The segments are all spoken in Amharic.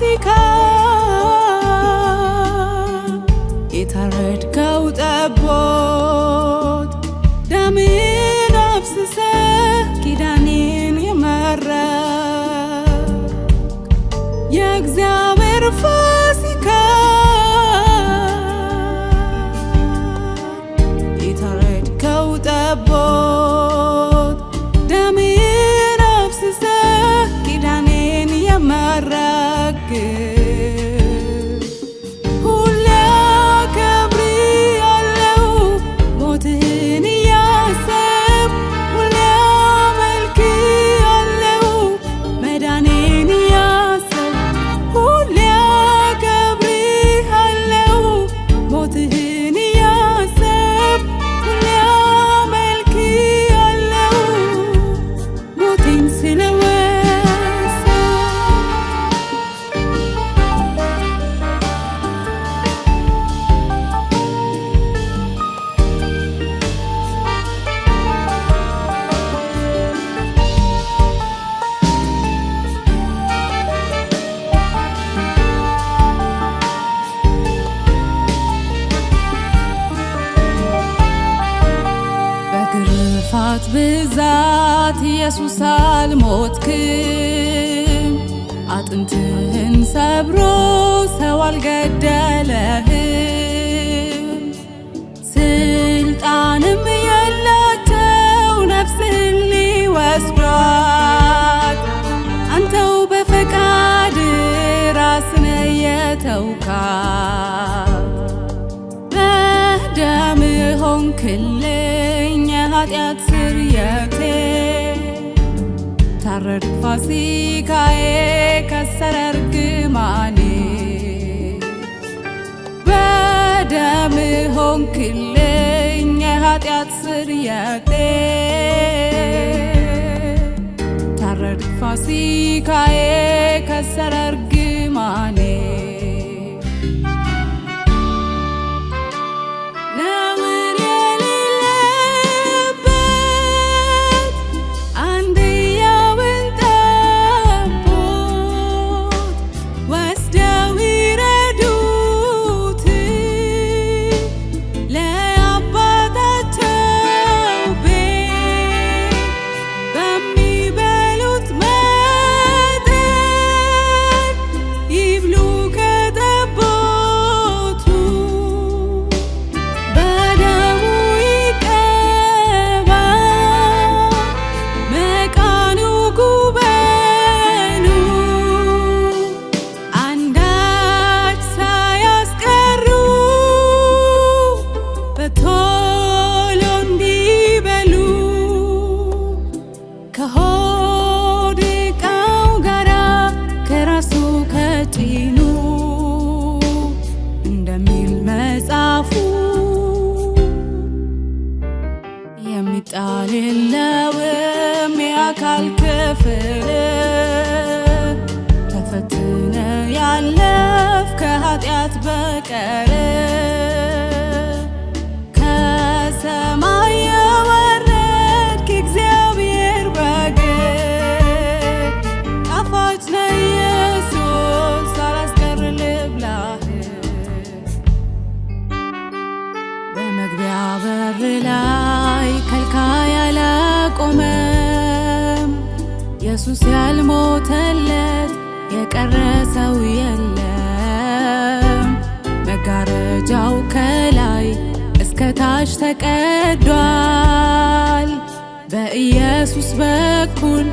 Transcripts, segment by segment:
Jessica. que ብዛት ኢየሱስ አልሞትክም፣ አጥንትህን ሰብሮ ሰው አልገደለህም። ስልጣንም የላቸው ነፍስህን ሊወስዷት፣ አንተው በፈቃድ ራስነ የተውካት በደም ሆንክልን በኃጢአት ስርየቴ ታረድኩ ፋሲካዬ ከሰረ እርግማኔ በደም ሆንክልኝ የኃጢአት ስርየቴ ታረድኩ ፋሲካዬ ከሰረ እርግማኔ የለውም የአካል ክፍል ተፈትነ ያለፍ ከኃጢአት በቀር ኢየሱስ ያልሞተለት የቀረ ሰው የለም። መጋረጃው ከላይ እስከ ታች ተቀዷል። በኢየሱስ በኩል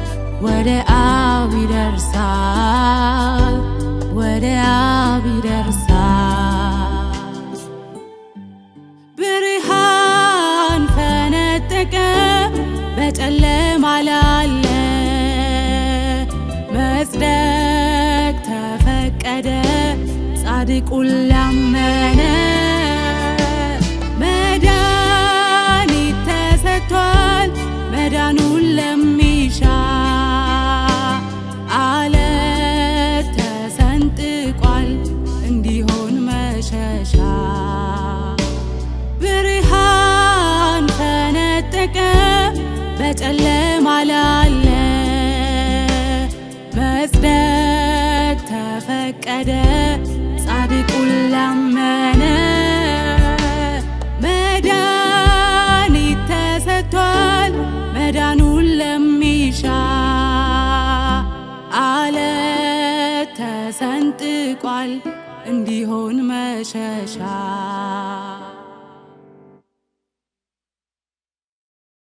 ወደ አብ ይደርሳል፣ ወደ አብ ይደርሳል። ጻድቁ ላመነ መድኃኒት ተሰጥቷል። መዳኑን ለሚሻ አለት ተሰንጥቋል እንዲሆን መሸሻ ብርሃን ተነጠቀ በጨለማ ላለ መጽደቅ ተፈቀደ ጻድቁን ላመነ መድኃኒት ተሰጥቷል መዳኑን ለሚሻ አለት ተሰንጥቋል እንዲሆን መሸሻ